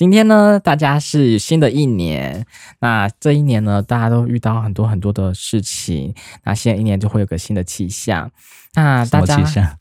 今天呢，大家是新的一年，那這一年呢，大家都遇到很多很多的事情，那新的一年就會有個新的氣象。那大家，氣象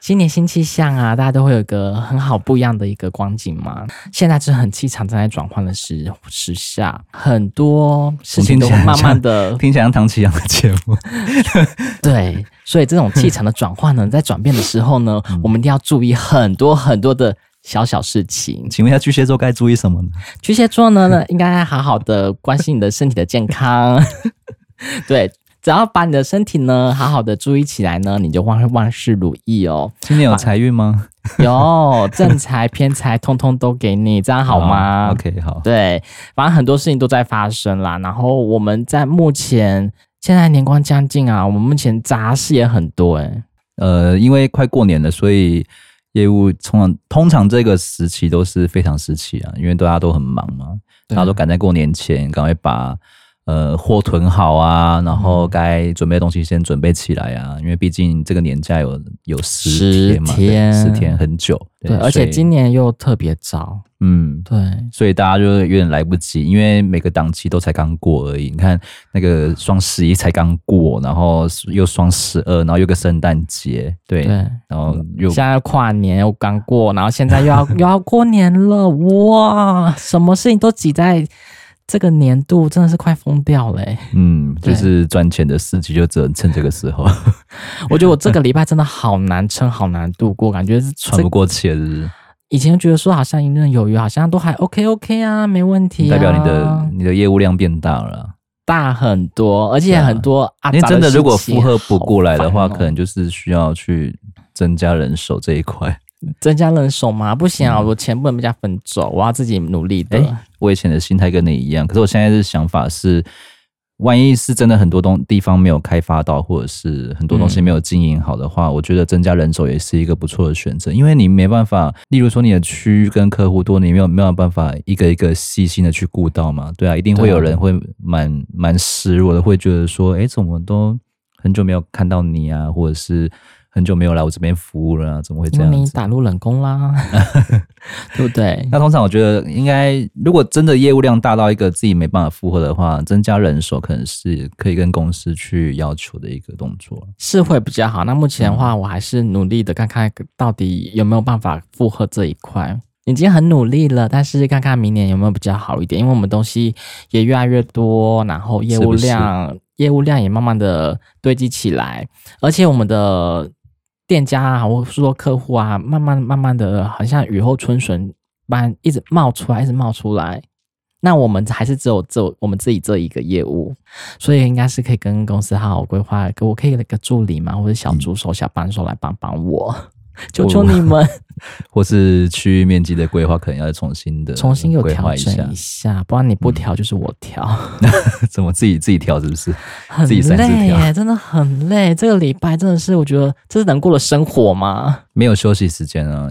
新年新氣象啊，大家都會有個很好不一樣的一個光景嘛。現在是很氣場正在轉換的時時下，很多事情都會慢慢的聽起，聽起來像唐綺陽的節目。 對，所以這種氣場的轉換呢，在轉變的時候呢、嗯，我們一定要注意很多很多的。小小事情，請問一下巨蟹座該注意什麼呢？巨蟹座呢，應該好好的關心你的身體的健康。 對，只要把你的身體呢好好的注意起來呢，你就萬萬事如意哦。今年有財運嗎？有正財偏財通通都給你，這樣好嗎？哦，OK，好。對，反正很多事情都在發生啦。然後我們在目前現在年關將近啊，我們目前雜事也很多誒、欸。呃，因為快過年了，所以。業務通常通常這個時期都是非常時期啊，因為大家都很忙嘛，大家都趕在過年前，趕快把。呃，貨囤好啊，然後該準備的東西先準備起來啊，嗯、因為畢竟這個年假有有十天嘛十天，十天很久，對，對而且今年又特別早，嗯，對，所以大家就有點來不及，因為每個檔期都才剛過而已。你看那個雙十一才剛過，然後又雙十二，然後又個聖誕節，對，然後又、嗯、現在跨年又剛過，然後現在又要 又要過年了，哇，什麼事情都擠在。這個年度真的是快瘋掉了、欸，嗯，就是賺錢的時機就只能趁這個時候。 我覺得我這個禮拜真的好難撐，好難度過，感覺喘、這個、不過氣，是不是？以前覺得說好像游刃有餘，好像都還 OK OK 啊，沒問題、啊。代表你的你的業務量變大了，大很多，而且很多。你、啊、真的，如果負荷不過來的話、哦，可能就是需要去增加人手這一塊。增加人手嗎？不行啊，我錢不能被人家分走、嗯，我要自己努力的。欸、我以前的心態跟你一樣，可是我現在的想法是，萬一是真的很多東地方沒有開發到，或者是很多東西沒有經營好的話、嗯，我覺得增加人手也是一個不錯的選擇，因為你沒辦法，例如說你的區域跟客戶多，你沒有沒有辦法一個一個細心的去顧到嘛。對啊，一定會有人會蠻蠻失落的，會覺得說，哎、欸，怎麼都很久沒有看到你啊，或者是。很久沒有來我這邊服務了啊，怎麼會這樣子？因為你打入冷宮啦 對不對？那通常我覺得應該，如果真的業務量大到一個自己沒辦法負荷的話，增加人手可能是可以跟公司去要求的一個動作，是會比較好。那目前的話，我還是努力的，看看到底有沒有辦法負荷這一塊。已經很努力了，但是看看明年有沒有比較好一點，因為我們東西也越來越多，然後業務量，是不是？業務量也慢慢的堆積起來，而且我們的。店家啊，或是說客戶啊，慢慢慢慢的，好像雨後春筍般一直冒出來，一直冒出來。那我們還是只有這我們自己這一個業務，所以應該是可以跟公司好好規劃，可我可以那個助理嗎？或者小助手、小幫手來幫幫我。嗯求求你們，或是區域面積的規劃，可能要再重新的重新又調整一下，一下，不然你不調就是我調，嗯、 怎麼自己自己調是不是？很累耶，真的很累。這個禮拜真的是，我覺得這是能過的生活嗎？沒有休息時間啊，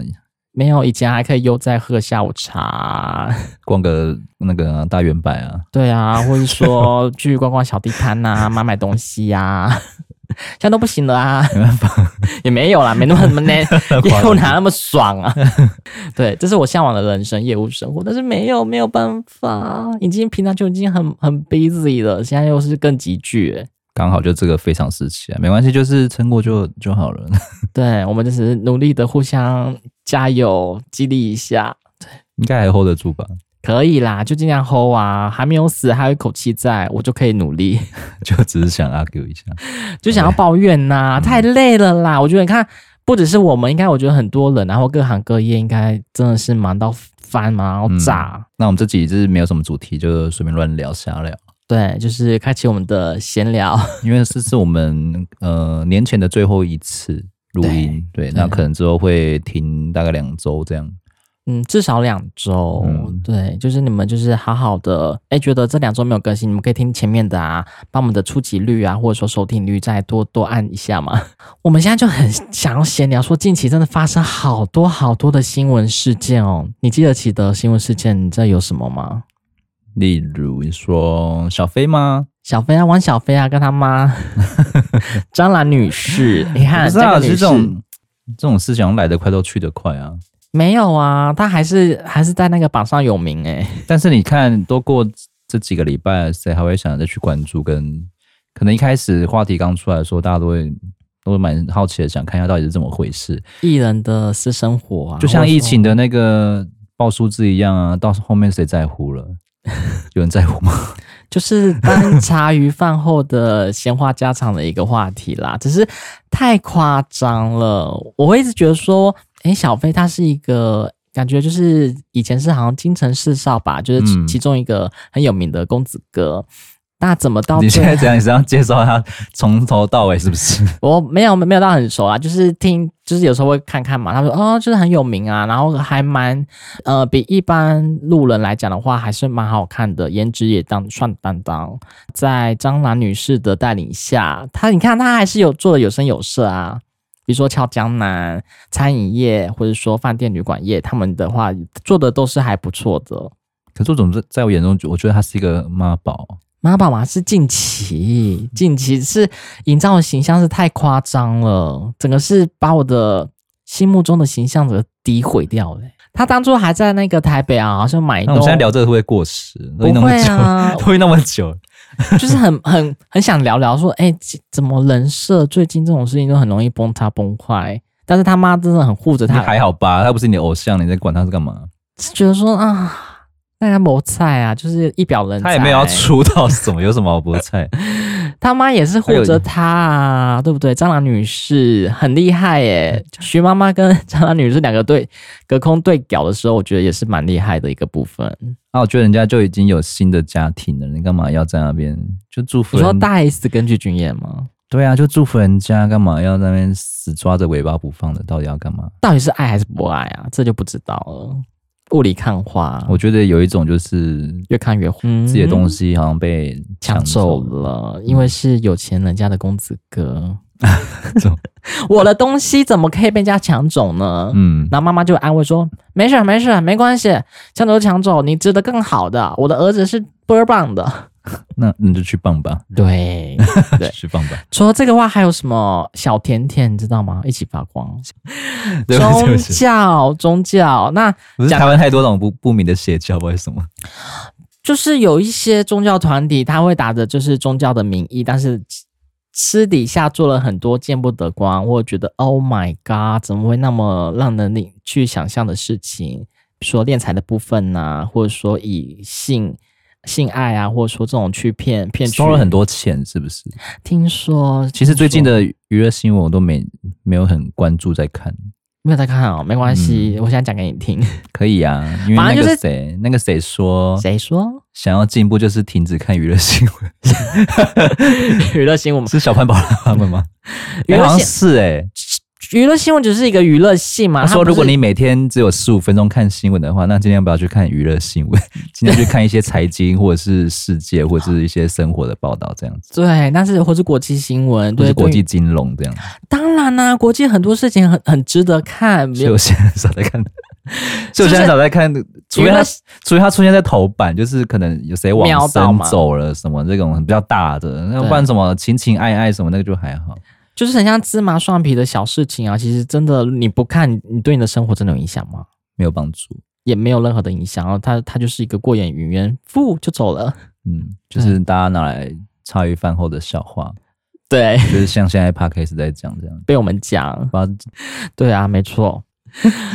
沒有以前還可以悠哉喝下午茶、啊，逛個那個、啊、大遠百啊， 對啊，或是說去逛逛小地攤吶、啊，買買東西呀、啊。現在都不行了啊，沒辦法， 也沒有啦，沒那麼什麼呢，又哪那麼爽啊？ 對，這是我嚮往的人生，業務生活，但是沒有，沒有辦法啊，已經平常就已經很很 busy 了，現在又是更急劇。剛好就這個非常時期啊，沒關係，就是撐過就就好了。 對，我們就是努力的互相加油激勵一下。對，應該還 hold 得住吧。可以啦，就盡量 hold 啊，還沒有死，還有一口氣在，我就可以努力。 就只是想 argue 一下， 就想要抱怨吶、啊，okay。太累了啦。我覺得你看，不只是我們，應該我覺得很多人，然後各行各業，應該真的是忙到翻，忙到炸。嗯、那我們這集是沒有什麼主題，就隨便亂聊瞎聊。對，就是開啟我們的閒聊。 因為這是我們呃年前的最後一次錄音，對，對那可能之後會停大概兩周這樣。嗯，至少兩周、嗯。對，就是你們就是好好的，哎、欸，覺得這兩周沒有更新，你們可以聽前面的啊，把我們的觸及率啊，或者說收聽率再多多按一下嘛。我們現在就很想要閒聊，說近期真的發生好多好多的新聞事件哦。你記得起的新聞事件，你知道有什麼嗎？例如說，說小飛嗎？小飛啊，王小飛啊，跟他媽張蘭女士，你 看、哎，這都是這種這種思想來得快都去得快啊。沒有啊，他還是還是在那個榜上有名哎、欸。但是你看，都過這幾個禮拜，誰還會想着去關注跟，跟可能一開始話題剛出來的時候，大家都會都蠻好奇的，想看一下到底是怎麼回事。藝人的私生活啊，就像疫情的那個報數字一樣啊，到後面誰在乎了？ 有人在乎嗎？就是當茶餘飯後的閒話家常的一個話題啦， 只是太誇張了。我會一直覺得說。哎，小菲他是一個感覺就是以前是好像京城四少吧，就是其中一個很有名的公子哥。嗯、那怎麼到對你現在怎樣？是要介紹他從頭到尾是不是？我沒有沒有到很熟啊，就是聽就是有時候會看看嘛。他說哦，就是很有名啊，然後還蠻呃，比一般路人來講的話還是蠻好看的，顏值也當算擔當。在張蘭女士的帶領下，他你看他還是有做得有聲有色啊。比如說，俏江南餐飲業，或者說飯店旅館業，他們的話做的都是還不錯的。可周總在在我眼中，我覺得他是一個媽寶。媽寶嘛？是近期，嗯、近期是營造的形象是太誇張了，整個是把我的心目中的形象的詆毀掉了、嗯。他當初還在那個台北啊，好像買。那我們現在聊這個會不會過時？不會啊，不會那麼久。 就是很很很想聊聊說，說、欸、哎，怎麼人設最近這種事情都很容易崩塌崩壞、欸，但是他媽真的很護着他，你還好吧，他不是你的偶像，你在管他是幹嘛？ 是覺得說啊。大家沒菜啊，就是一表人才。他也沒有要出道什麼， 有什麼好不菜？ 他媽也是護着他啊，對不對？蟑螂女士很厲害耶，徐媽媽跟蟑螂女士兩個對隔空對屌的時候，我覺得也是蠻厲害的一個部分。那、啊、我覺得人家就已經有新的家庭了，你幹嘛要在那邊就祝福人？你說大 S 跟具俊曄嗎？對啊，就祝福人家幹嘛要在那邊死抓着尾巴不放的？到底要幹嘛？到底是愛還是不愛啊？這就不知道了。霧裡看花，我覺得有一種就是越看越，這些東西好像被搶走了，嗯，搶走，因為是有錢人家的公子哥。 我的東西怎麼可以被人家搶走呢？嗯，然後媽媽就安慰說：“沒事，沒事，沒關係，搶走就搶走，你值得更好的。”我的兒子是波棒的，那你就去棒吧。對 對，去棒吧。除了這個話，還有什麼？小甜甜，你知道嗎？一起發光。對宗教對，宗教。那不是台灣太多這種不不明的邪教，為什麼？就是有一些宗教團體，他會打着就是宗教的名義，但是。私底下做了很多見不得光，我覺得 Oh my God，怎麼會那麼讓人去想象的事情？說斂財的部分呢、啊，或者說以性性愛啊，或者說這種去騙騙，收了很多錢，是不是？聽說。其實最近的娛樂新聞我都沒沒有很關注，在看。沒有在看哦，沒關係、嗯，我想講給你聽。可以啊，因為那個誰、就是，那個誰說，誰說想要進步就是停止看娛樂新聞。娛 樂 新聞嗎？是小潘寶他們嗎 娛樂、欸？好像是哎、欸。娛樂新聞只是一個娛樂性嘛？他說，如果你每天只有十五分鐘看新聞的話，那盡量不要去看娛樂新聞，盡量去看一些財經或者是世界或者是一些生活的報道這， 這樣子。對，那是或是國際新聞，或是國際金融這樣。當然啦、啊，國際很多事情很很值得看。我現在少在看、 就是，所以我現在少在看，除非他除非他出現在頭版，就是可能有誰往生走了什麼這種比較大的。那不然什麼情情愛愛什麼，那個就還好。就是很像芝麻蒜皮的小事情啊，其實真的你不看，你對你的生活真的有影響嗎？沒有幫助，也沒有任何的影響。然後他他就是一個過眼雲煙，噗就走了。嗯，就是大家拿來茶餘飯後的笑話。對，就是像現在 podcast 在講這樣被我們講。對啊，沒錯。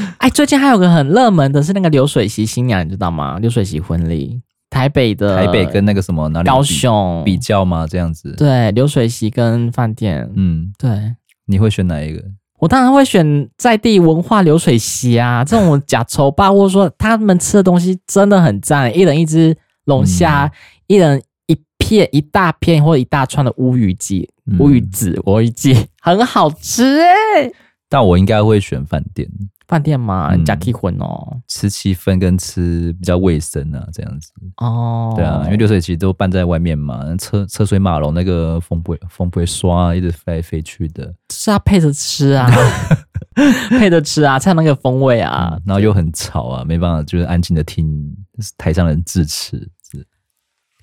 哎，最近還有個很熱門的是那個流水席新娘，你知道嗎？流水席婚禮。台北的台北跟那個什麼哪裡比,高雄比,比較嗎？這樣子對流水席跟飯店，嗯，對，你會選哪一個？我當然會選在地文化流水席啊，這種假醜八，或者說他們吃的東西真的很讚，一人一隻龍蝦，一人一片一大片或者一大串的烏魚子烏魚子，烏、嗯、魚子很好吃、欸、但我應該會選飯店。飯店嘛，你加起混哦，吃氣氛、喔、氛跟吃比較衛生啊，這樣子哦，oh. 對啊，因為流水席都辦在外面嘛，車車水馬龍，那個風不風不會刷，一直飛來飛去的，是啊，配着吃啊， 配着吃啊，才有那個風味啊、嗯，然後又很吵啊，沒辦法，就是安靜的聽台上的人致詞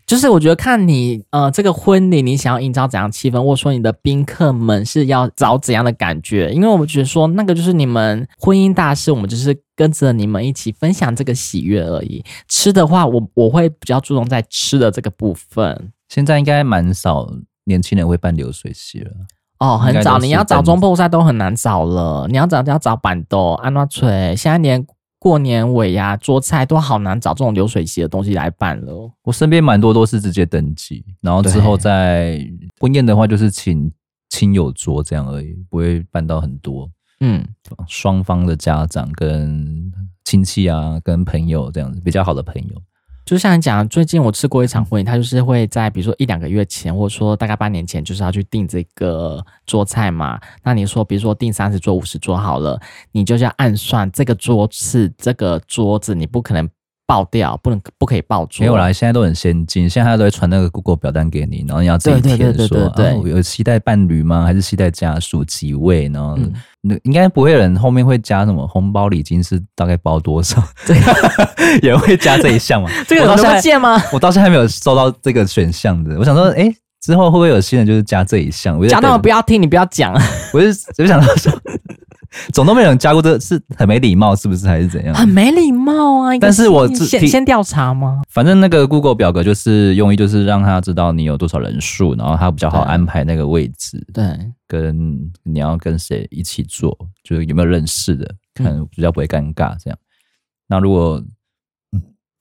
就是我覺得看你呃這個婚禮，你想要營造怎樣氣氛，或者說你的賓客們是要找怎樣的感覺？因為我們覺得說那個就是你們婚姻大事，我們就是跟着你們一起分享這個喜悅而已。吃的話，我我會比較注重在吃的這個部分。現在應該蠻少年輕人會辦流水席了。哦，很早，你要找總舖師都很難找了，你要找就要找板豆、安那脆，現在、嗯、年。過年尾呀、啊，桌菜都好難找這種流水席的東西來辦了。我身邊蠻多都是直接登記，然後之後再婚宴的話，就是請親友桌這樣而已，不會辦到很多。嗯，雙方的家長跟親戚啊，跟朋友這樣子比較好的朋友。就像你講，最近我吃過一場婚禮，他就是會在比如說一兩個月前，或者說大概半年前，就是要去訂這個桌菜嘛。那你說，比如說訂三十桌、五十桌好了，你就是要暗算這個桌次、這個桌子，你不可能。爆掉，不能，不可以爆出。沒有啦，現在都很先進，現在他都在傳那個 Google 表單給你，然後你要自己填說對對對對對對對對，啊、有攜帶伴侶嗎？還是攜帶家屬幾位呢、嗯？應該不會有人後面會加什麼紅包禮金是大概包多少？對， 也會加這一項嘛，這個有出現嗎？我到現在，到現在還沒有收到這個選項的。我想說，哎，之後會不會有新人就是加這一項？我加他不要聽，你不要講，我是就，就想到說。 總都沒有人加過這個，這是很沒禮貌，是不是還是怎樣？很沒禮貌啊！但是我是先調查嗎？反正那個 Google 表格，就是用意就是讓他知道你有多少人數，然後他比較好安排那個位置。對，跟你要跟誰一起坐，就有沒有認識的，可能比較不會尷尬這樣。嗯、那如果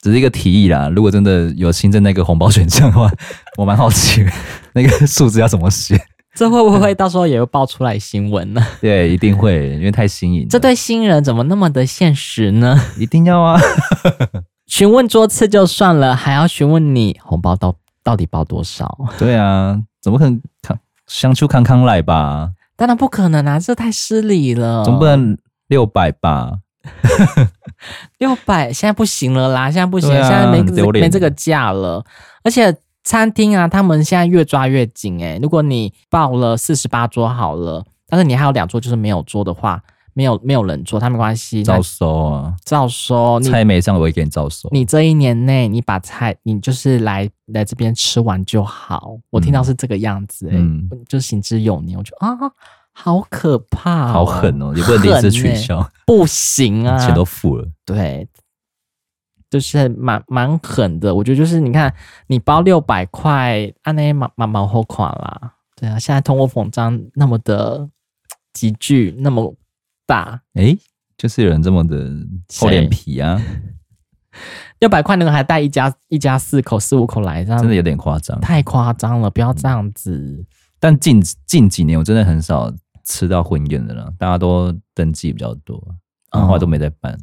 只是一個提議啦，如果真的有新增那個紅包選項的話， 我蠻好奇那個數字要怎麼寫。 這會不會到時候也會爆出來新聞呢？ 對，一定會，因為太新穎。這對新人怎麼那麼的現實呢？ 一定要啊！ 詢問桌次就算了，還要詢問你紅包到到底包多少？對啊，怎麼可能康相處康康來吧？當然不可能啊，這太失禮了。總不能六百吧？六百現在不行了啦，現在不行了，啊，現在沒沒這個價了，而且。餐廳啊，他們現在越抓越緊哎、欸。如果你報了四十八桌好了，但是你還有兩桌就是沒有桌的話，沒有沒有人坐。他沒關係，照收啊，照收。菜沒上，我也給你照收。你這一年內，你把菜，你就是來來這邊吃完就好、嗯。我聽到是這個樣子哎、欸嗯，就行之有年，我覺得啊，好可怕、哦，好狠哦，你不能臨時取消、欸，不行啊，錢都付了，對。就是蠻蠻狠的，我覺得就是你看，你包六百塊，按那些蠻蠻蠻貨款啦，對啊，現在通貨膨脹那麼的急劇，那麼大，哎、欸，就是有人這麼的厚臉皮啊，六百塊那個還帶一家一家四口、四五口來，真的有點誇張，太誇張了，不要這樣子。嗯、但近近幾年，我真的很少吃到婚宴的了，大家都登記比較多，然後都沒在辦，哦、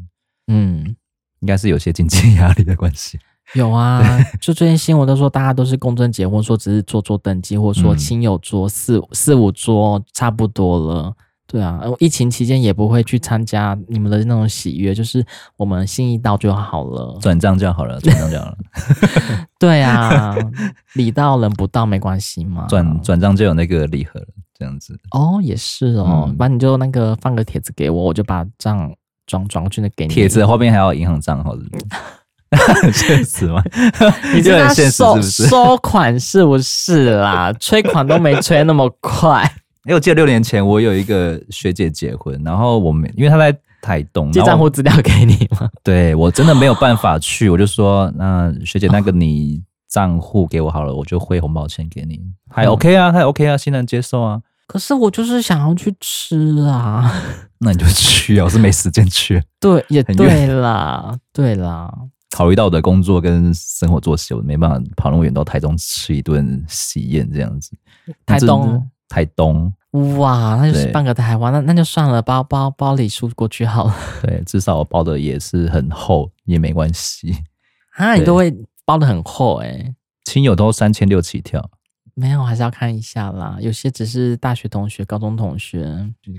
嗯。應該是有些經濟壓力的關係，有啊。就最近新聞都說大家都是公證結婚，說只是做做登記，或者說親友桌四、嗯、四五桌差不多了。對啊，疫情期間也不會去參加你們的那種喜悅，就是我們心意到就好了，轉賬就好了，轉賬就好了。 對啊，禮到人不到沒關係嘛，轉轉賬就有那個禮盒了，這樣子。哦，也是哦，嗯、反正你就那個放個帖子給我，我就把賬。裝裝，我就給你帖子，後面還有銀行賬號是是，確 實嗎？ 你這很 現實是不是？收款是不是啦？催 款都沒催那麼快。哎、欸，我記得六年前我有一個學姐結婚，然後我們因為她在台東，寄賬戶資料給你嘛，對我真的沒有辦法去， 我就說那學姐，那個你賬戶給我好了，我就匯紅包錢給你，還 OK 啊，嗯、還 OK 啊，欣然、OK 啊、接受啊。可是我就是想要去吃啊 ！那你就去啊！我是沒時間去。 對，也對啦，對啦。考慮到我的工作跟生活作息，我沒辦法跑那麼遠到台中吃一頓喜宴這樣子。台東，台東，哇！那就是半個台灣，那那就算了，包包包里輸過去好了。對，至少我包的也是很厚，也沒關係啊！你都會包的很厚誒。親友都三千六起跳。沒有，我還是要看一下啦。有些只是大學同學、高中同學，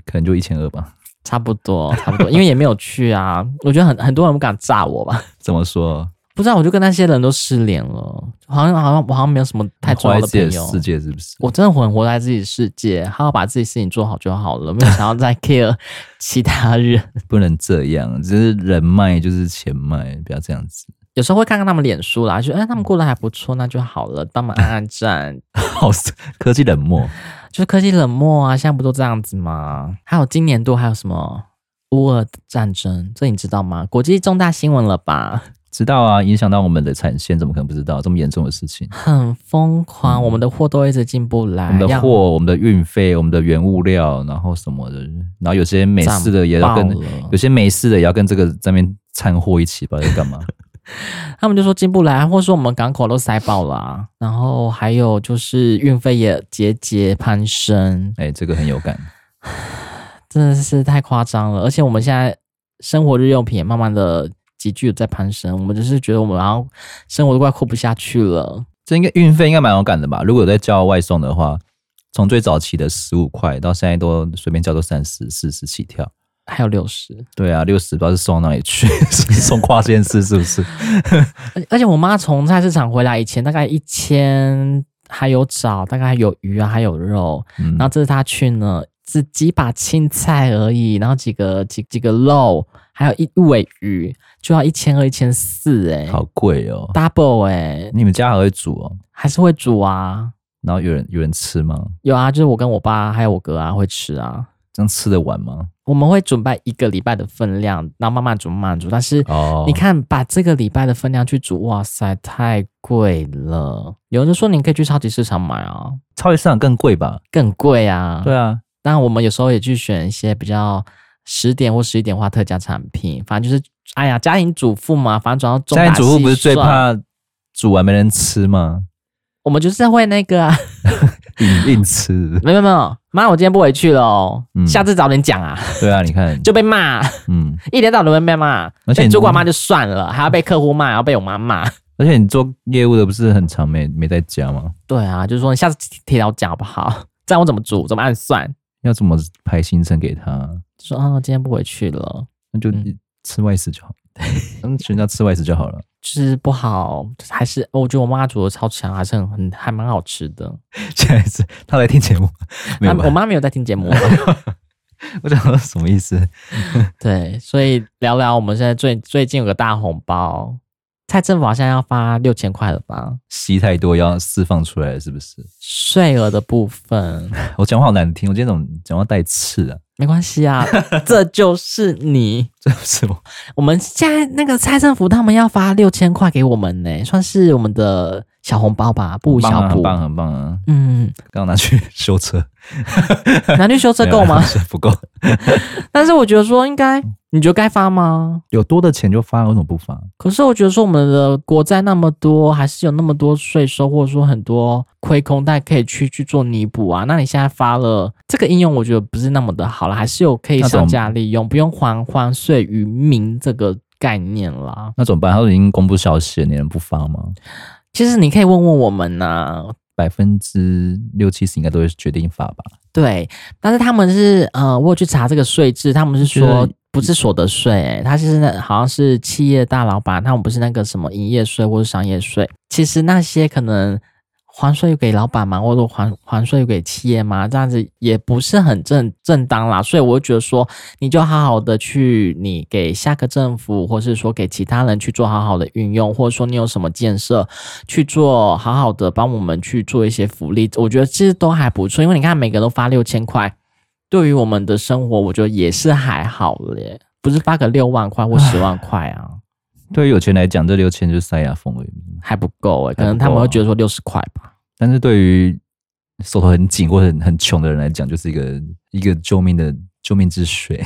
可能就一千二吧，差不多，差不多。因為也沒有去啊， 我覺得很很多人不敢炸我吧？怎麼說？不知道，我就跟那些人都失聯了，好像好像好像沒有什麼太重要的朋友，的世界是不是？我真的混活在自己世界，好好把自己事情做好就好了，沒有想要再 care 其他人。不能這樣，只是人脈就是錢脈，不要這樣子。有時候會看看他們臉書啦，就哎、欸，他們過得還不錯，那就好了，幫忙按按贊。好， 科技冷漠，就是科技冷漠啊！現在不都這樣子嗎？還有今年度還有什麼烏 d 戰爭，這你知道嗎？國際重大新聞了吧？知道啊，影響到我們的產線，怎麼可能不知道？這麼嚴重的事情，很瘋狂、嗯，我們的貨都一直進不來。我們的貨、我們的運費、我們的原物料，然後什麼的，然後有些美式的也要跟，有些美式的也要跟這個這面摻貨一起吧？要幹嘛？ 他們就說進不來，或者說我們港口都塞爆了、啊，然後還有就是運費也節節攀升，哎、欸，這個很有感，真的是太誇張了。而且我們現在生活日用品也慢慢的急劇在攀升，我們就是覺得我們然後生活都快活不下去了。這應該運費應該蠻有感的吧？如果在叫外送的話，從最早期的十五塊到現在都隨便叫都三十四十起跳。還有六十，對啊，六十不知道是送到哪裡去， 送跨縣市是不是 ？而且我媽從菜市場回來以前大概一千，還有棗，大概還有魚啊，還有肉，嗯、然後這是他去呢，只幾把青菜而已，然後幾個幾幾個肉，還有一尾魚，就要一千二一千四、欸，哎，好貴哦，double 哎、欸，你,你們家還會煮哦？還是會煮啊？然後有人有人吃嗎？有啊，就是我跟我爸還有我哥啊會吃啊，這樣吃得完嗎？我們會準備一個禮拜的分量，然後慢慢煮慢慢煮。但是你看，把這個禮拜的分量去煮，哇塞，太貴了。有人說你可以去超級市場買啊，超級市場更貴吧？更貴啊。對啊，但我們有時候也去選一些比較十點或十一點花特價產品。反正就是，哎呀，家庭主婦嘛，反正主要中。家庭主婦不是最怕煮完沒人吃嗎？我們就是會那個、啊。 硬硬吃，沒有沒有，媽，我今天不回去了哦，嗯、下次早點講啊。對啊，你看就被罵，嗯，一天到晚都被罵，而且主管罵就算了，還要被客戶罵，還、啊、要被我媽罵。而且你做業務的不是很常，沒沒在家嗎？對啊，就是說你下次提，提早講好不好？這樣我怎麼煮，怎麼算，要怎麼排行程給他？就說啊、哦，今天不回去了，那就吃外食就好。嗯嗯， 全家吃外食就好了，吃、就是、不好還是我覺得我媽煮的超強，還是很很還蠻好吃的。現在是她在聽節目，啊、我媽沒有在聽節目。 我想說什麼意思？ 對，所以聊聊我們現在最最近有個大紅包，蔡政府好像要發六千塊了吧？息太多要釋放出來是不是？稅額的部分， 我講話好難聽，我今天怎麼講話帶刺啊？沒關係啊，這就是你，這是我。我們現在那個蔡政府他們要發六千塊給我們呢、欸，算是我們的小紅包吧，不小。棒，很棒，啊，很棒啊！嗯，剛拿去修車， 拿去修車夠嗎？是不夠。 但是我覺得說應該。你覺得該發嗎？有多的錢就發，為什麼不發？可是我覺得說我們的國債那麼多，還是有那麼多稅收，或者說很多虧空，大家可以去去做彌補啊。那你現在發了這個應用，我覺得不是那麼的好了，還是有可以增加利用，不用還還稅於民這個概念啦。那怎麼辦？他都已經公布消息了，你能不發嗎？其實你可以問問我們呢、啊，百分之六七十應該都會決定發吧？對，但是他們是呃，我有去查這個稅制，他們是說。不是所得稅、欸，他其實好像是企業大老板，他們不是那個什麼營業稅或者商業稅。其實那些可能還稅給老板嘛，或者還還稅給企業嘛，這樣子也不是很正正當啦。所以我就覺得說，你就好好的去，你給下個政府，或是說給其他人去做好好的運用，或者說你有什麼建設去做好好的幫我們去做一些福利。我覺得其實都還不錯，因為你看每個都發六千塊。對於我們的生活，我覺得也是還好嘞，不是發個六萬塊或十萬塊啊。對於有錢來講，這六千就塞牙縫了，還不夠，欸，還不夠啊，可能他們會覺得說六十塊吧。但是對於手頭很緊或者很很窮的人來講，就是一個一個救命的救命之水。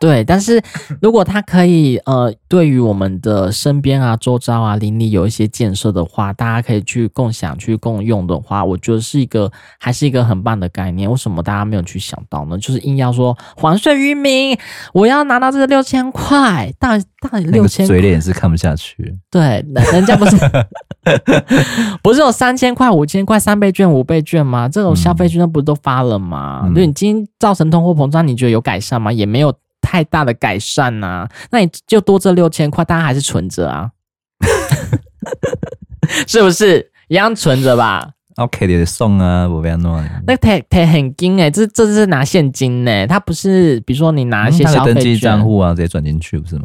對，但是如果他可以呃，對於我們的身邊啊、周遭啊、鄰里有一些建設的話，大家可以去共享、去共用的話，我覺得是一個還是一個很棒的概念。為什麼大家沒有去想到呢？就是硬要說還稅於民，我要拿到這個六千塊，大大六千，6000那個、嘴臉也是看不下去。對，人家不是 不是有三千塊、五千塊、三倍券、五倍券嗎？這種消費券那不是都發了嗎？嗯、對，你今天造成通貨膨脹，你覺得有改善嗎？也沒有。太大的改善吶、啊，那你就多這六千塊，當然還是存着啊， 是不是一樣存着吧？OK，得送啊，我不要弄。那太太很驚誒，這這是拿現金誒，他不是，比如說你拿一些消費券，嗯、登記賬戶啊，直接轉進去不是嗎？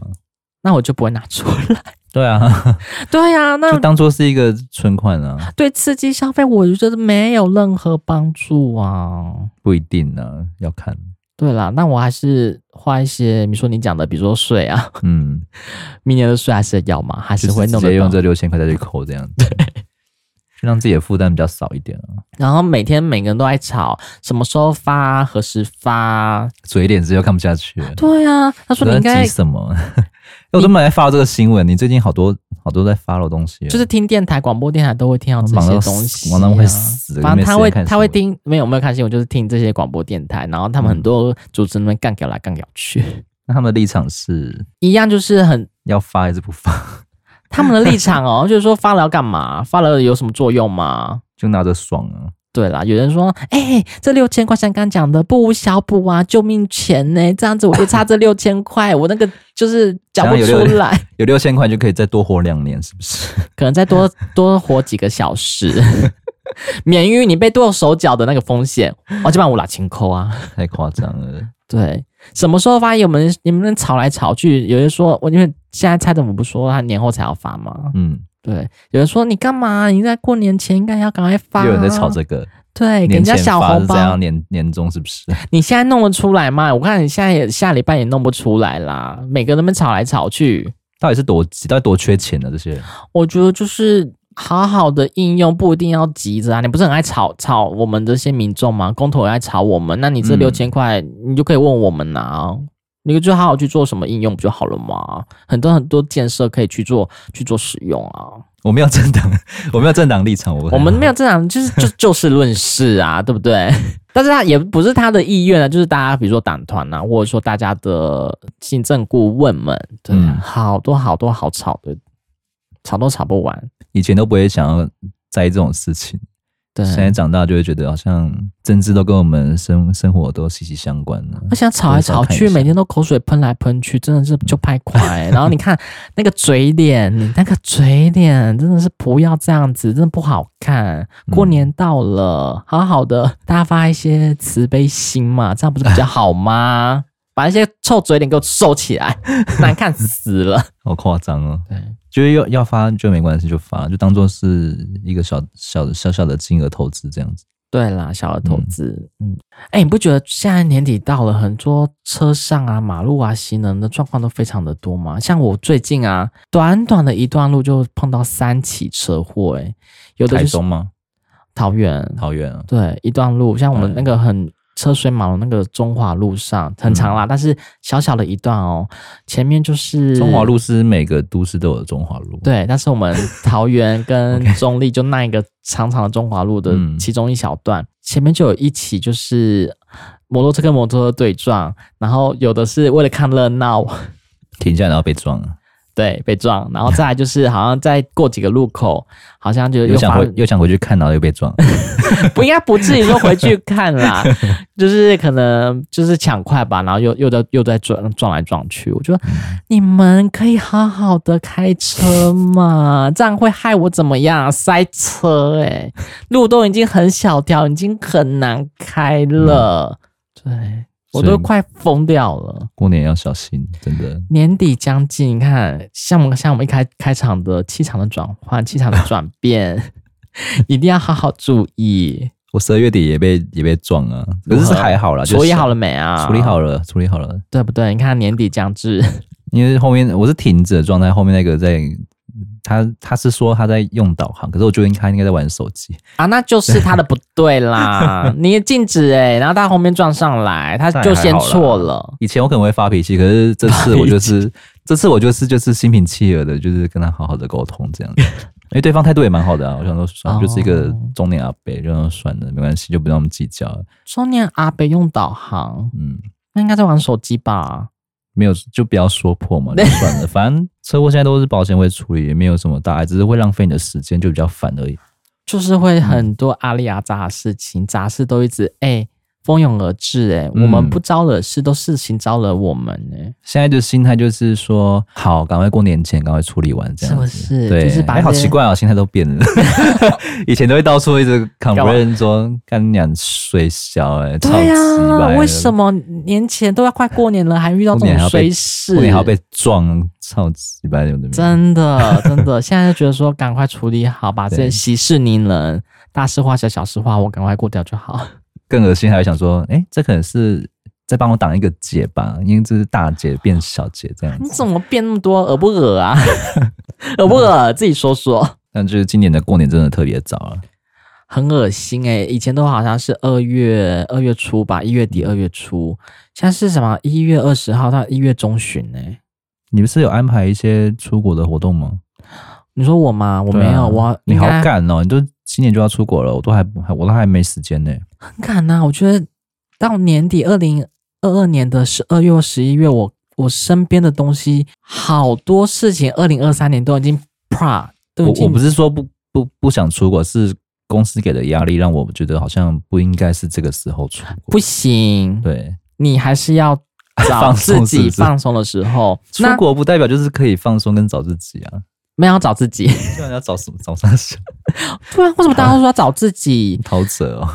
那我就不會拿出來。對啊， 對，啊對啊，那就當作是一個存款啊。對，刺激消費，我就覺得沒有任何幫助啊。不一定呢、啊，要看。對啦，那我還是花一些。比如說你講的，比如說稅啊，嗯， 明年的稅還是要嘛，還是會弄。就是、直接用這六千塊再去扣這樣子， 對， 讓自己的負擔比較少一點啊。然後每天每個人都在吵，什麼時候發，何時發，嘴臉直接又看不下去、啊。對啊，他說你應該。 我都沒在發這個新聞，你最近好多好多在發的東西。就是聽電臺，廣播電臺都會聽到這些東西、啊。我那會死、啊，反正他會他會，他會聽，沒有沒有看新聞，我就是聽這些廣播電臺，然後他們很多主持人那邊槓腳來槓掉去、嗯。那他們的立場是？一樣，就是很要發還是不發？他們的立場哦， 就是說發了要幹嘛？發了有什麼作用嗎？就拿着爽啊。對啦，有人說，哎、欸，這六千塊像剛講的不無小補啊，救命錢呢、欸？這樣子我就差這六千塊， 我那個。就是講不出來有， 有六千塊就可以再多活兩年，是不是？可能再多多活幾個小時 免於你被剁手腳的那個風險。啊，這把我打情扣啊，太誇張了。 對，什麼時候發？我們你們在吵來吵去，有人說我因為現在猜怎麼不說，他年後才要發嗎？嗯，對。有人說你幹嘛？你在過年前應該要趕快發啊。有人在吵這個。對，給人家小紅包，這樣年年終是不是？你現在弄得出來嗎？我看你現在也下禮拜也弄不出來啦，每個人都吵來吵去，到底是多急，到底多缺錢呢、啊？這些我覺得就是好好的應用，不一定要急着啊。你不是很愛吵吵我們這些民眾嗎？公投也愛吵我們，那你這六千塊，你就可以問我們啊。你就好好去做什麼應用不就好了嗎？很多很多建設可以去做，去做使用啊。我沒有政黨，我沒有政黨立場我。我們沒有政黨，就是，就是就就事論事啊， 對不對？但是他也不是他的意願啊，就是大家比如說黨團啊，或者說大家的行政顧問們，對，嗯，好多好多好吵的，吵都吵不完。以前都不會想要在意這種事情。對，現在長大就會覺得好像政治都跟我們生生活都息息相關了。我想吵來吵去，每天都口水噴來噴去， 真的是就拍快、欸。然後你看 那個嘴臉，那個嘴臉真的是不要這樣子，真的不好看。過年到了，好好的，大發一些慈悲心嘛，這樣不是比較好嗎？ 把那些臭嘴臉給我收起來，難看死了， 好誇張哦！對，覺得要要發就沒關係，就發，就當做是一個小小的小小的金額投資這樣子。對啦，小額投資，嗯，哎、嗯欸，你不覺得現在年底到了，很多車上啊、馬路啊、行人的狀況都非常的多嗎？像我最近啊，短短的一段路就碰到三起車禍，哎，有的是台中嗎？桃園，桃園、啊，對，一段路，像我們那個很。嗯車水馬龍，那個中華路上很長啦、嗯，但是小小的一段哦、喔。前面就是中華路是每個都市都有的中華路，對。但是我們桃園跟中壢就那一個長長的中華路的其中一小段、嗯，前面就有一起就是摩托車跟摩托車對撞，然後有的是為了看熱鬧，停下然後被撞了。對，被撞，然後再來就是好像再過幾個路口， 好像就又想回又想回去看到又被撞， 不應該不至於說回去看啦， 就是可能就是搶快吧，然後又又在又在撞撞來撞去，我覺得你們可以好好的開車嘛， 這樣會害我怎麼樣、啊？塞車哎、欸，路都已經很小條，已經很難開了，嗯、對。我都快瘋掉了！過年要小心，真的。年底將近，你看，像我們像我們一開開場的氣場的轉換，氣場的轉變， 一定要好好注意。我十二月底也被也被撞了，啊，可是，是還好了，就是，處理好了沒啊？處理好了，處理好了，對不對？你看年底將至，因為後面我是停止的狀態，後面那個在。他他是說他在用導航，可是我覺得他應該在玩手機啊，那就是他的不對啦， 你禁止哎、欸，然後他後面撞上來，他就先錯了。以前我可能會發脾氣，可是這次我就是，這次我就是就是心平氣和的，就是跟他好好的溝通這樣子。 因為對方態度也蠻好的啊，我想說算、oh, 就是一個中年阿伯，就讓算了，沒關係，就不用那麼計較了。中年阿伯用導航，嗯，他應該在玩手機吧。沒有就不要說破嘛，就算了。反正車禍現在都是保險會處理，也沒有什麼大礙，只是會浪費你的時間，就比較煩而已。就是會很多阿里阿雜的事情、雜、嗯、事都一直哎。欸蜂擁而至、欸，我們不招惹事，嗯、都事情招惹我們呢、欸。現在的心態就是說，好，趕快過年前，趕快處理完，這樣是,不是？對，就是把、欸。好奇怪啊、哦，心態都變了。 以前都會到處一直看別人說，幹娘衰小，哎，對呀、啊，為什麼年前都要快過年了，還遇到這種衰事過好被,被撞，超機掰的,的。真的，真的，現在就覺得說，趕快處理好， 把這些息事寧人，大事化小，小事化，我趕快過掉就好。更惡心，還想說，哎、欸，這可能是在幫我擋一個劫吧，因為這是大劫變小劫這樣。你怎麼變那麼多，惡不惡啊？惡 不惡耳？ 自己說說。但就是今年的過年真的特別早啊，很惡心哎、欸，以前都好像是二月二月初吧，一月底二月初，現在是什麼一月二十號到一月中旬呢、欸？你不是有安排一些出國的活動嗎？你說我嗎？我沒有，啊、我你好趕哦、喔，你都。今年就要出國了，我都還不還我都還沒時間呢、欸。很趕吶，我覺得到年底二零二二年的十二月或十一月，我我身邊的東西好多事情，二零二三年都已經 pr。我我不是說不不不想出國，是公司給的壓力讓我覺得好像不應該是這個時候出國。不行，對，你還是要找自己放鬆的時候 是是。出國不代表就是可以放鬆跟找自己啊。沒有要找自己，居然要找什麼找三十？ 對啊，為什麼大家都說要找自己？陶喆、哦、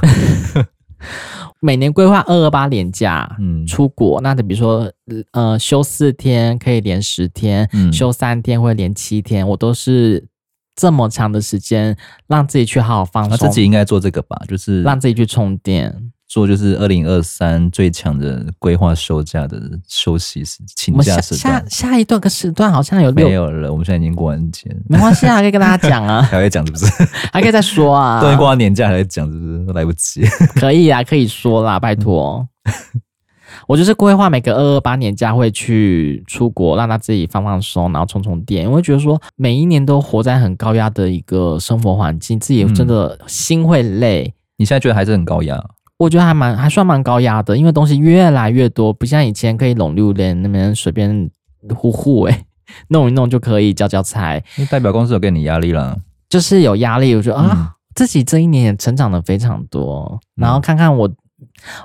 每年規劃二二八連假，嗯、出國。那比如說，呃，休四天可以連十天，嗯、休三天會連七天。我都是這麼長的時間，讓自己去好好放鬆。他自己應該做這個吧，就是讓自己去充電。做就是二零二三最強的規劃休假的休息時請假時段。下下下一段個時段好像有六沒有了？我們現在已經過完年，沒關係啊，還可以跟大家講啊， 還可以講是不是？還可以再說啊？對，過完年假還在講，是不是都來不及？可以啊，可以說啦，拜託。 我就是規劃每個二二八年假會去出國，讓他自己放放鬆，然後充充電。我會覺得說，每一年都活在很高壓的一個生活環境，自己真的心會累，嗯。你現在覺得還是很高壓？我覺得還蠻還算蠻高壓的，因為東西越來越多，不像以前可以攏六連那邊隨便糊糊哎，弄一弄就可以交交差。那代表公司有給你壓力了？就是有壓力，我覺得啊、嗯，自己這一年也成長的非常多，然後看看我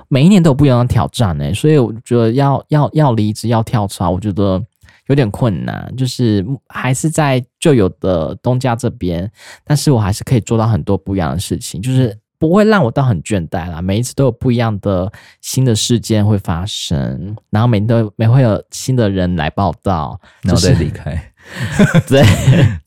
每一年都有不一樣的挑戰誒，所以我覺得要要要離職要跳槽，我覺得有點困難，就是還是在舊有的東家這邊，但是我還是可以做到很多不一樣的事情，就是。不會讓我到很倦怠啦，每一次都有不一樣的新的事件會發生，然後每天都會每會有新的人來報到，然後再離開， 對，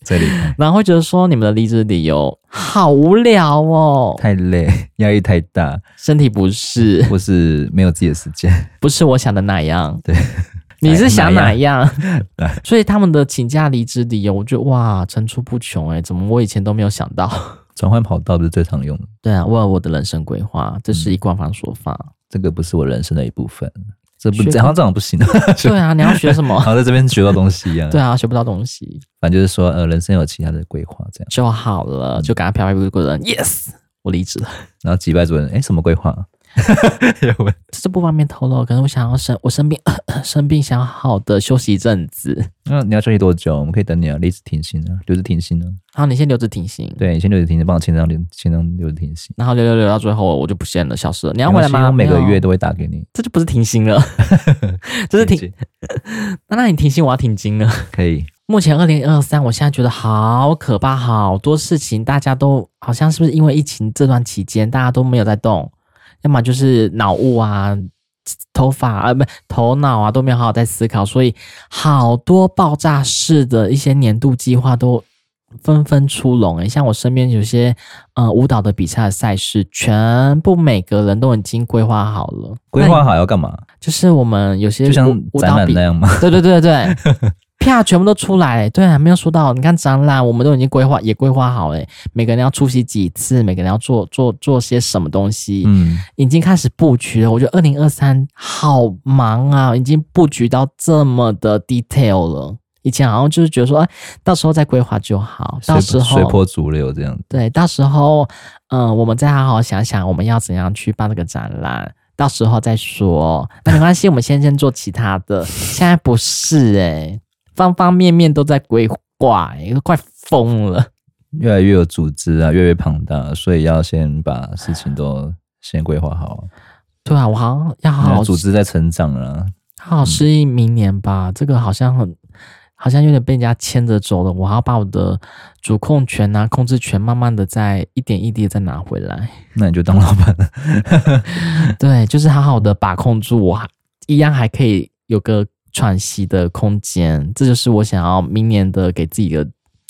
再離開，然後會覺得說你們的離職理由好無聊哦，太累，壓力太大，身體不適，或、嗯、是沒有自己的時間，不是我想的那樣，對， 你是想哪樣？哪樣 所以他們的請假離職理由，我覺得哇，層出不窮、欸，怎麼我以前都沒有想到？轉換跑道不是最常用的？對啊，我有我的人生規劃，這是一官方說法、嗯。這個不是我人生的一部分，這不這樣這樣不行、啊。對啊，你要學什麼？然後在這邊學到東西一、啊、樣。 對啊，學不到東西。反正就是說，呃，人生有其他的規劃這樣就好了，就趕快飄飄一個人、嗯。Yes，我離職了。然後幾百組人，哎，什麼規劃？哈哈，有問，這是不方便透露。可是我想要生，我生病，呃、生病想好的休息一陣子。那、啊、你要休息多久？我們可以等你啊，留職停薪啊，留職停薪啊。好，你先留職停薪。對，你先留職停薪，幫我簽張留，簽張留職停薪。然後留留留到最後，我就不限了，消失。你要回來嗎？我每個月都會打給你。這就不是停薪了，這 挺新 是停挺。那 那你停薪，我要停經了。 可以。目前二零二三，我現在覺得好可怕，好多事情，大家都好像是不是因為疫情這段期間，大家都沒有在動。要麼就是腦霧啊，頭髮啊，不頭腦啊都沒有好好在思考，所以好多爆炸式的一些年度計劃都紛紛出籠。哎，像我身邊有些呃舞蹈的比賽賽事，全部每個人都已經規劃好了。規劃好要幹嘛？就是我們有些舞就像展覽那樣嗎 對,對對對對。 啪！全部都出來。欸、對、啊，還沒有說到。你看展覽，我們都已經規劃，也規劃好了、欸。每個人要出席幾次，每個人要做，做做做些什麼東西。嗯，已經開始布局了。我覺得二零二三好忙啊，已經布局到這麼的 detail 了。以前好像就是覺得說、啊，到時候再規劃就好。到時候隨波逐流這樣。對，到時候，嗯，我們再好好想想，我們要怎樣去辦那個展覽。到時候再說。 那沒關係，我們先先做其他的。現在不是哎、欸。方方面面都在規劃，都快瘋了。越來越有組織啊，越來越龐大，所以要先把事情都先規劃好。對啊，我好像要好好組織在成長了、啊。好好適應明年吧、嗯，這個好像很，好像有點被人家牽着走了。我還要把我的主控權啊、控制權慢慢的再一點一滴的再拿回來。那你就當老闆了 對，就是好好的把控住，我一樣還可以有個。喘息的空間，這就是我想要明年的給自己個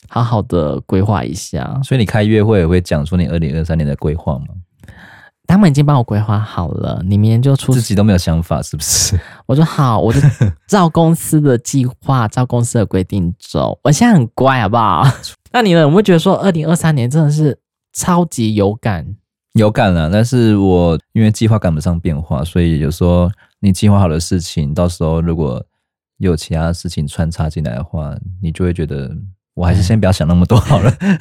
好好的規劃一下。所以你開月會也會講出你二零二三年的規劃嗎？他們已經幫我規劃好了，你明年就出自己都沒有想法，是不是？我說好，我就照公司的計劃， 照公司的規定走。我現在很乖，好不好？ 那你呢？我會覺得說，二零二三年真的是超級有感，有感了。但是我因為計劃趕不上變化，所以有時候你計劃好的事情，到時候如果有其他事情穿插進來的話，你就會覺得我還是先不要想那麼多好了。嗯、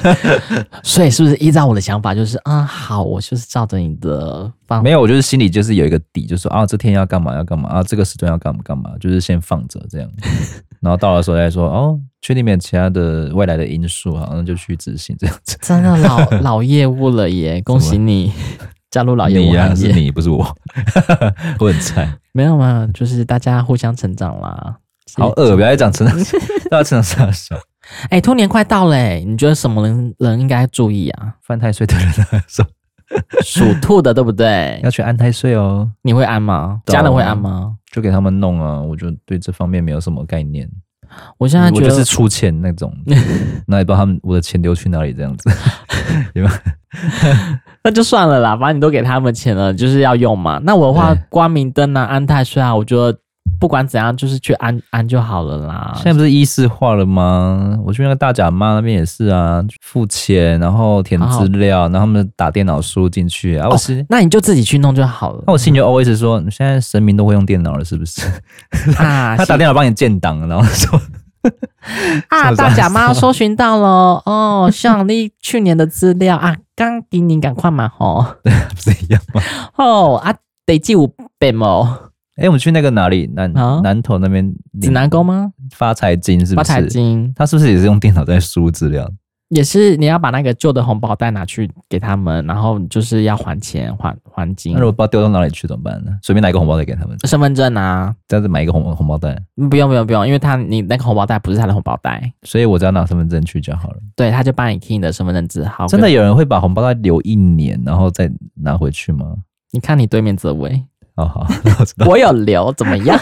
所以是不是依照我的想法就是啊，好，我就是照着你的方法。沒有，我就是心裡就是有一個底，就是啊，這天要幹嘛要幹嘛啊，這個時段要幹嘛幹嘛，就是先放着這樣。然後到了時候再說哦，去裡面其他的未來的因素，好像就去執行這樣子。 真的老老業務了耶，恭喜你，加入老業務了也你、啊。是你不是我， 我很菜。沒有嘛，就是大家互相成長啦。好餓，不要講吃那些，要吃那些東西。哎、欸，兔年快到嘞，你覺得什麼人人應該注意啊？犯太歲的人說，屬 兔的對不對？要去安太歲哦。你會安嗎、啊？家人會安嗎？就給他們弄啊，我就對這方面沒有什麼概念。我現在覺得我就是出錢那種， 那也不知道他們我的錢丟去哪裡這樣子。對吧？那就算了啦，反正你都給他們錢了，就是要用嘛。那我的話，光明燈啊，安太歲啊，我覺得。不管怎樣，就是去安安就好了啦。現在不是儀式化了嗎？我去那個大甲媽那邊也是啊，付錢，然後填資料，oh. 然後他們打電腦輸進去、oh. 啊。是，oh, 那你就自己去弄就好了。那、啊、我心裡就 always 說，現在神明都會用電腦了，是不是？啊、嗯， 他打電腦幫你建檔、啊，然後說啊，大甲媽搜尋到了 哦，像你去年的資料 啊，剛給你趕快嘛，哦， 不是一樣嗎？哦啊，得記五百哦。哎、欸，我們去那個哪裡？南南投那邊？紫南宮嗎？發財金是不是？發財金，他是不是也是用電腦在輸入資料？也是，你要把那個舊的紅包袋拿去給他們，然後就是要還錢，還還金。那、啊、如果不知道丟到哪裡去怎麼辦呢？隨便拿一個紅包袋給他們，身份證啊，這樣子買一個紅紅包袋。不用不用不用，因為他你那個紅包袋不是他的紅包袋，所以我只要拿身份證去就好了。對，他就幫你 key 你的身份證字號。真的有人會把紅包袋留一年，然後再拿回去嗎？你看你對面這位。哦好，我知道 我有留怎麼樣？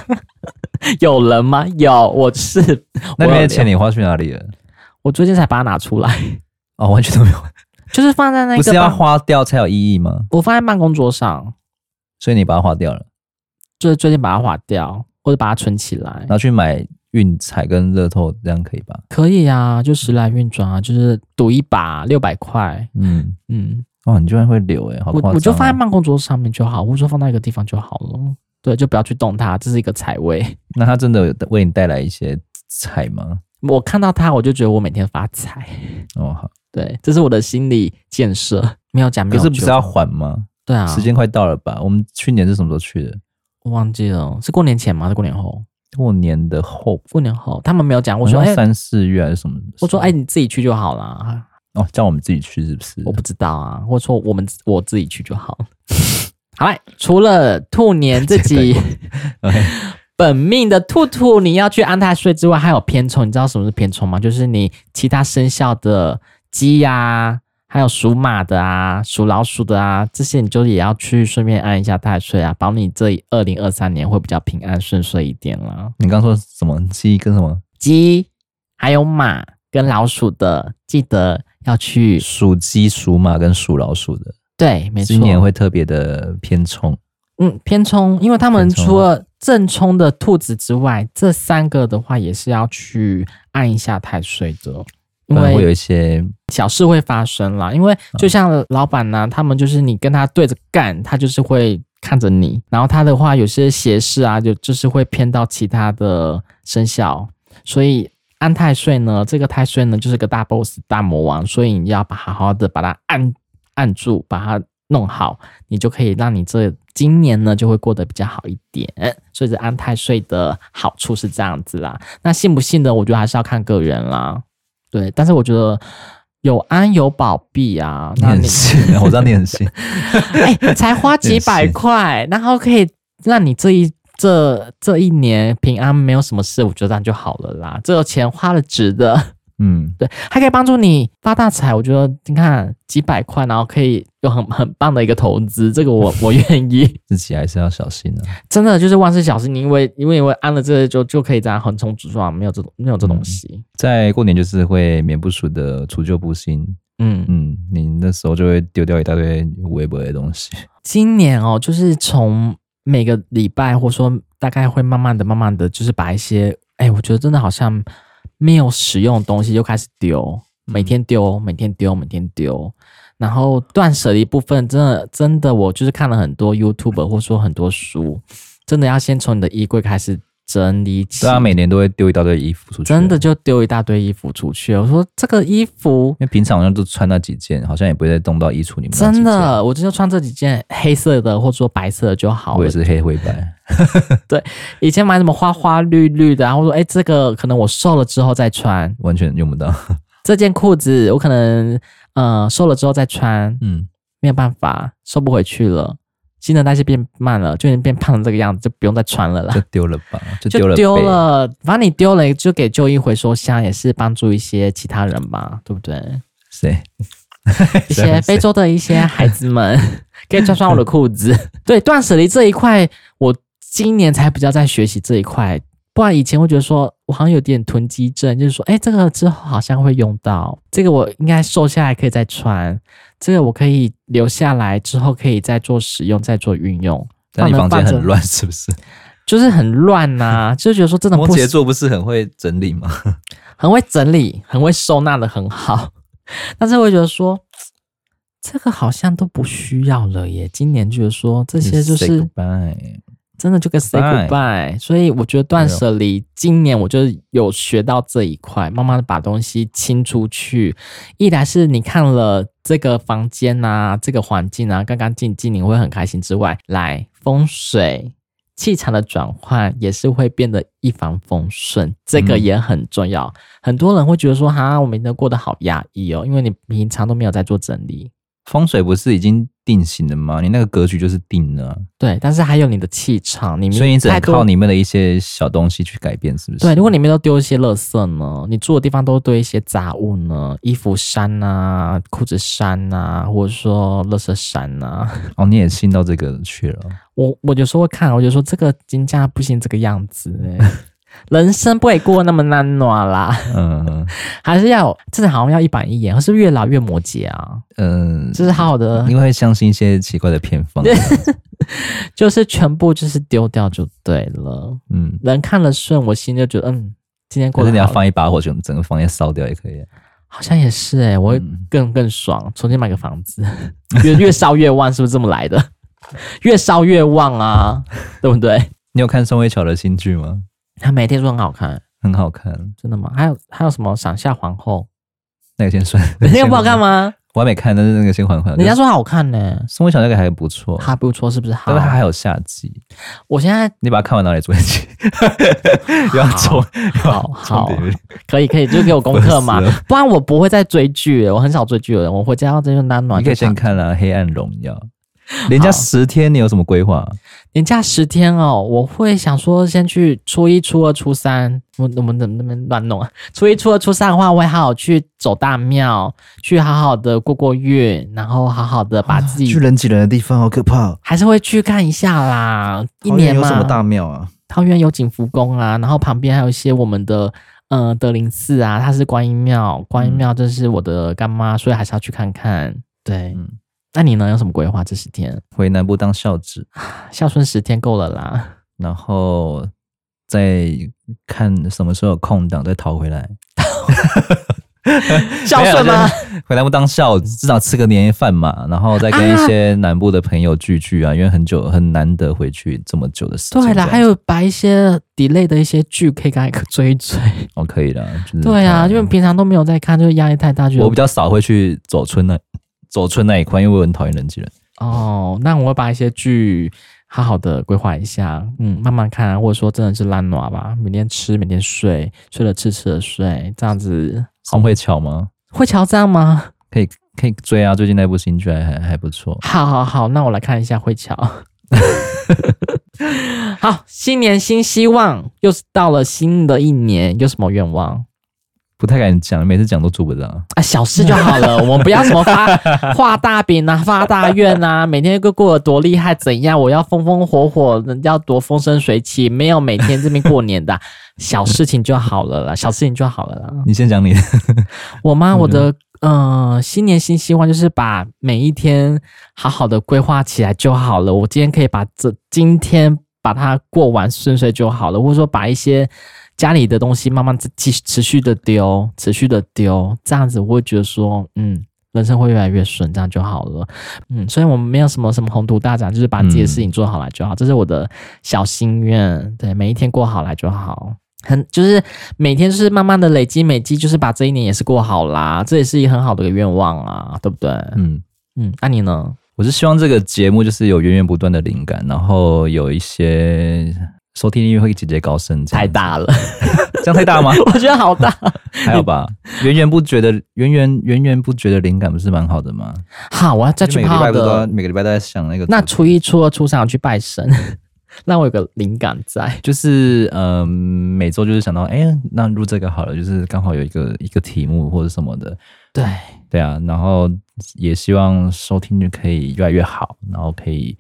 有人嗎？有，我是 那邊錢你花去哪裡了？我最近才把它拿出來。哦，完全都沒有， 就是放在那。不是要花掉才有意義嗎？我放在辦公桌上，所以你把它花掉了？就是最近把它花掉，或者把它存起來，拿、嗯、去買運彩跟樂透，這樣可以吧？可以啊，就時來運轉啊，就是賭一把六百塊。嗯嗯。哇，你居然會留哎、欸，好誇張啊，我我就放在辦公桌上面就好，我就說放在一個地方就好了，對，就不要去動它。這是一個財位，那它真的有為你帶來一些財嗎？我看到它，我就覺得我每天發財哦。好，對，這是我的心理建設，沒有講，沒有講。可是不是要緩嗎？對啊，時間快到了吧？我們去年是什麼時候去的？我忘記了，是過年前嗎？是過年後？過年的後？過年後他們沒有講，我說誒，三四月還是什麼？我說哎，你自己去就好了。哦，叫我們自己去是不是？我不知道啊，或者說我們我自己去就好。 好嘞，除了兔年自己本命的兔兔，你要去安太歲之外，還有偏沖，你知道什麼是偏沖嗎？就是你其他生肖的雞呀、啊，還有屬馬的啊，屬老鼠的啊，這些你就也要去順便安一下太歲啊，保你這二零二三年會比較平安順遂一點啦。你剛說什麼雞跟什麼雞，還有馬跟老鼠的，記得。要去屬雞、屬馬跟屬老鼠的，對，沒錯，今年會特別的偏沖。嗯，偏沖，因為他們除了正沖的兔子之外，這三個的話也是要去按一下太歲，的，因為會有一些小事會發生啦，因為就像老板呢、啊嗯，他們就是你跟他對着幹，他就是會看着你，然後他的話有些邪事啊，就就是會偏到其他的生肖，所以。安太歲呢？這個太歲呢，就是個大 boss、大魔王，所以你要把好好的把它按按住，把它弄好，你就可以讓你這今年呢就會過得比較好一點。所以這安太歲的好處是這樣子啦。那信不信呢？我覺得還是要看個人啦。對，但是我覺得有安有保庇啊。你很信，我知道你很信。哎，才花幾百塊，然後可以讓你這一。這這一年平安沒有什麼事，我覺得這樣就好了啦。這個錢花得值得，嗯，對，還可以幫助你發大財。我覺得你看幾百塊，然後可以有很很棒的一個投資，這個我我願意。自己還是要小心啊，真的就是萬事小心。你以為因為因為安了這些就就可以這樣橫衝直撞，沒有這沒有這東西，嗯。在過年就是會免不俗的除舊布新，嗯嗯，你那時候就會丟掉一大堆微博的東西。今年哦，就是從。每個禮拜，或說大概會慢慢的、慢慢的就是把一些，哎、欸，我覺得真的好像沒有使用的東西就開始丟，每天丟、每天丟、每天丟，然後斷捨離一部分，真的、真的，我就是看了很多 YouTuber，或說很多書，真的要先從你的衣櫃開始。真理解。對啊，每年都會丟一大堆衣服出去，真的就丟一大堆衣服出去，我說這個衣服，因為平常好像就穿那幾件，好像也不會再動到衣櫥裡面。真的，我就,就穿這幾件黑色的或者說白色的就好了。我也是黑灰白。 對，以前買什麼花花綠綠的，然後說哎，這個可能我瘦了之後再穿，完全用不到。這件褲子我可能呃瘦了之後再穿，嗯，沒有辦法，瘦不回去了。新陳代謝變慢了，就已經變胖成這個樣子，就不用再穿了啦。就丟了吧，就丟了、了。把你丟了，就給舊衣回收箱，也是幫助一些其他人吧，對不對？是。 一些非洲的一些孩子們 可以穿穿我的褲子。 對，斷捨離這一塊，我今年才比較在學習這一塊，不然以前會覺得說我好像有點囤積症，就是說，哎、欸，這個之後好像會用到，這個我應該瘦下來可以再穿。這個我可以留下來，之後可以再做使用，再做運用。那你房間很亂是不是？就是很亂呐、啊， 就覺得說這種摩羯座不是很會整理嗎？ 很會整理，很會收納的很好，但是會覺得說，這個好像都不需要了耶。今年就是說這些就是。真的就跟 say goodbye，所以我覺得斷捨離，今年我就有學到這一塊、哎，慢慢的把東西清出去。一來是你看了這個房間啊，這個環境啊乾乾淨淨，你會很開心之外，來風水氣場的轉換也是會變得一帆風順，這個也很重要、嗯。很多人會覺得說，哈，我每天都過得好壓抑哦，因為你平常都沒有在做整理。風水不是已經定型了嗎？你那個格局就是定了、啊。對，但是還有你的氣場，你所以你只能靠裡面的一些小東西去改變，是不是？對，如果裡面都丟一些垃圾呢？你住的地方都堆一些雜物呢？衣服山啊，褲子山啊，或者說垃圾山啊？哦，你也信到這個去了？ 我我就說會看，我就說這個金價不行，這個樣子、欸。 人生不會過那麼難捱啦，嗯， 還是要，真的好像要一板一眼，是不是越老越摩羯啊？嗯，就是好好的，你會相信一些奇怪的偏方、啊，對 就是全部就是丟掉就對了，嗯，人看了順，我心就覺得，嗯，今天過得好。或者你要放一把火，就整個房間燒掉也可以、啊。好像也是哎、欸，我會更更爽，重、嗯、新買個房子，越越燒越旺，是不是這麼來的？ 越燒越旺啊， 對不對？你有看宋慧喬的新劇嗎？他每天說很好看，很好看，真的嗎？還有還有什麼《傘下皇後》，那個先算， 那個不好看嗎？我還沒看，但是那個先緩緩。人家說好看呢、欸，宋慧喬那個還不錯，他不錯是不是好？但是它還有下集。我現在你把它看完哪裡追劇？不 要做，好 好, 好,好 可以可以，就給我功課嘛不，不然我不會再追劇。我很少追劇的人，我回家要再拿暖。你可以先看啊《黑暗榮耀》。連假十天，你有什麼規劃？連假十天哦，我會想說先去初一、初二、初三我，我、我們、怎麼、那麼亂弄啊。初一、初二、初三的話，我也好去走大廟，去好好的過過月，然後好好的把自己去人擠人的地方，好可怕，還是會去看一下啦。一年、啊人人啊、有什麼大廟啊？桃園有景福宮啊，然後旁邊還有一些我們的嗯、呃、德林寺啊，它是觀音廟，觀音廟這是我的乾媽、嗯，所以還是要去看看，對。嗯那你呢？有什麼規劃？這十天回南部當孝子，孝順十天夠了啦。然後再看什麼時候有空檔再逃回來。回來 孝順嗎？回南部當孝子，至少吃個年夜飯嘛。然後再跟一些南部的朋友聚聚啊，啊因為很久很難得回去這麼久的時間。對了，還有把一些 delay 的一些劇可以趕快追一追。哦，可以啦、就是。對啊，因為平常都沒有在看，就是壓力太大。我比較少會去走村呢。走春那一塊，因為我很討厭人擠人。哦，那我會把一些劇好好的規劃一下，嗯，慢慢看，啊，或者說真的是爛娃吧，每天吃，每天睡，睡了吃，吃了睡，這樣子。好慧喬嗎？慧喬這樣嗎？可以，可以追啊！最近那部新劇還還不錯。好好好，那我來看一下慧喬。 好，新年新希望，又是到了新的一年，有什麼願望？不太敢講，每次講都做不到啊！小事就好了， 我們不要什麼發畫 大餅啊、發大願啊，每天都過得多厲害怎樣？我要風風火火，人家要多風生水起，沒有每天這邊過年的小事情就好了啦，小事情就好了啦。你先講你的，我媽，我的嗯、呃，新年新希望就是把每一天好好的規劃起來就好了。我今天可以把這今天把它過完順遂就好了，或者說把一些。家裡的東西慢慢繼持續的丟，持續的丟，這樣子我會覺得說，嗯，人生會越來越順，這樣就好了，嗯，所以我們沒有什麼什麼宏圖大展，就是把自己的事情做好來就好，嗯，這是我的小心願，對，每一天過好來就好，很就是每天就是慢慢的累積，累積就是把這一年也是過好啦，這也是一個很好的願望啊，對不對？嗯嗯，那、啊、你呢？我是希望這個節目就是有源源不斷的靈感，然後有一些。收聽音樂會直接高升，太大了， 這樣太大嗎？ 我覺得好大， 還有吧，源源不絕的，源源源源不絕的靈感不是蠻好的嗎？好，我要再去泡的每個禮拜、啊、拜都在想那個，那初一、初二、初三要去拜神， 那我有個靈感在，就是嗯、呃，每周就是想到，哎、欸，那錄這個好了，就是剛好有一個一個題目或者什麼的。對對啊，然後也希望收聽就可以越來越好，然後可以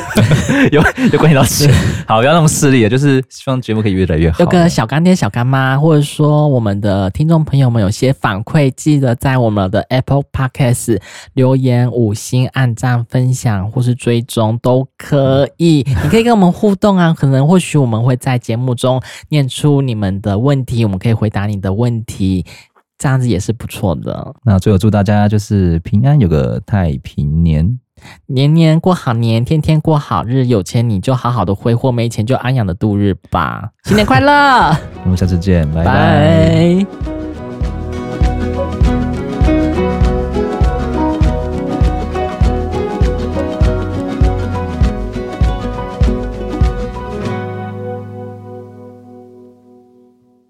有有關係到勢， 好不要那麼勢利啊，就是希望節目可以越來越好。有個小乾爹、小乾媽，或者說我們的聽眾朋友們有些反饋，記得在我們的 Apple Podcast 留言、五星、按讚、分享或是追蹤都可以。 你可以跟我們互動啊，可能或許我們會在節目中念出你們的問題，我們可以回答你的問題。這樣子也是不錯的。那最後祝大家就是平安，有個太平年，年年過好年，天天過好日。有錢你就好好的揮霍，沒錢就安養的度日吧。新年快樂！ 我們下次見，拜拜。Bye